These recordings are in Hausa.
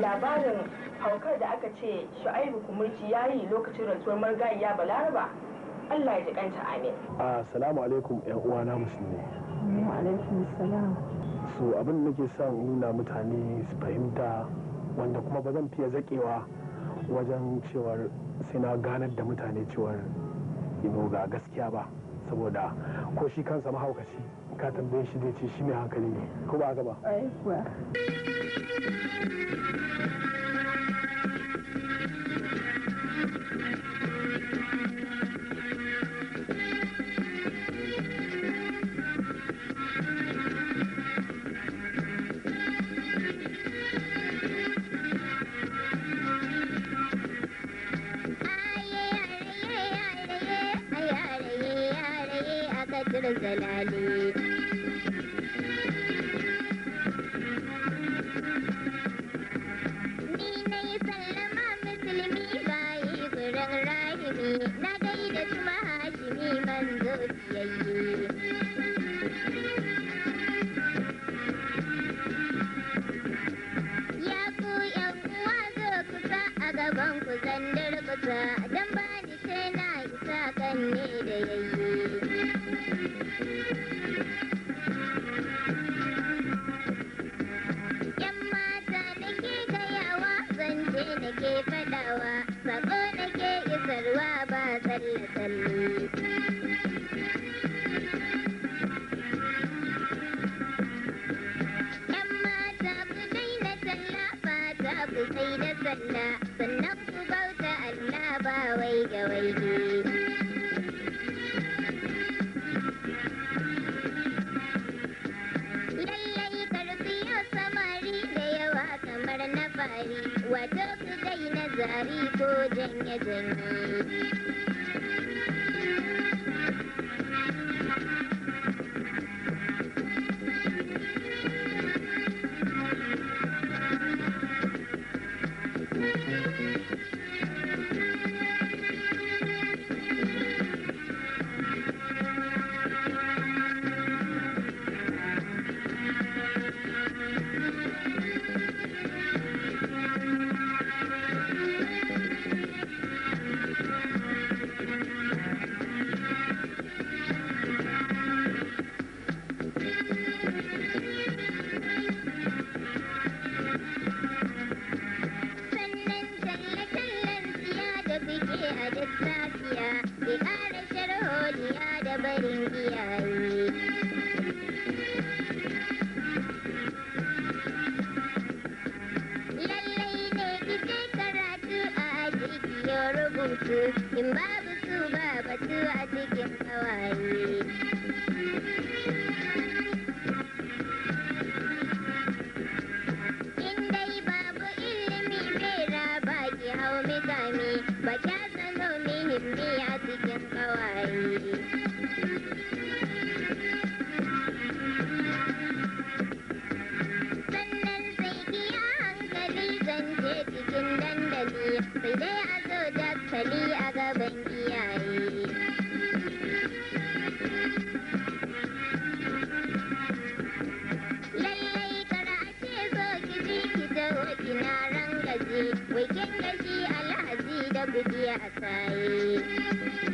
labarin haukar da aka ce shu'aibu kumurci ya yi lokacin rantsuwar margayiya balaraba allah ya jikanta amin assalamu alaikum yan uwana musulmi wa alaikum salam so abin da nake son nuna mutane su fahimta wanda kuma ba zan fiye zakewa wajen cewar sai na ganar da mutane cewar ino ga gaskiya ba saboda ko shi kansa mahaukaci ka tambaye shi zai ce shi mai hankali ne ko ba haka ba الزلال Allah sannan ku bauta Allah ba wai ga waige. Lallai karfiyo samari da yawa kamar na fari wato su daina zari ko janye-janye. ya rubutu in babu su ba batu a cikin hawaye hankali sai dai a zo dakali a gaban iyaye lallai kara ce zo ki ji ki taho kina gaji wai kin gaji alhaji da buji a saye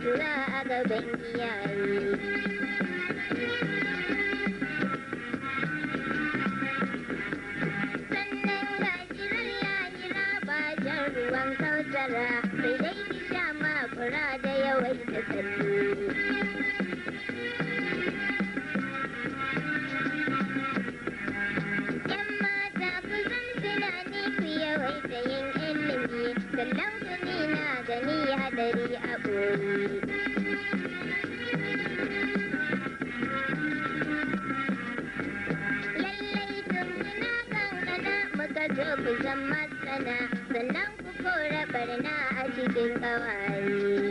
tuna a gaban iyaye. Sannan ga jiran yajira ba jan ruwan kautara, bai dai ni sha ma zan masana sannan ku kora barna a cikin ƙawaye.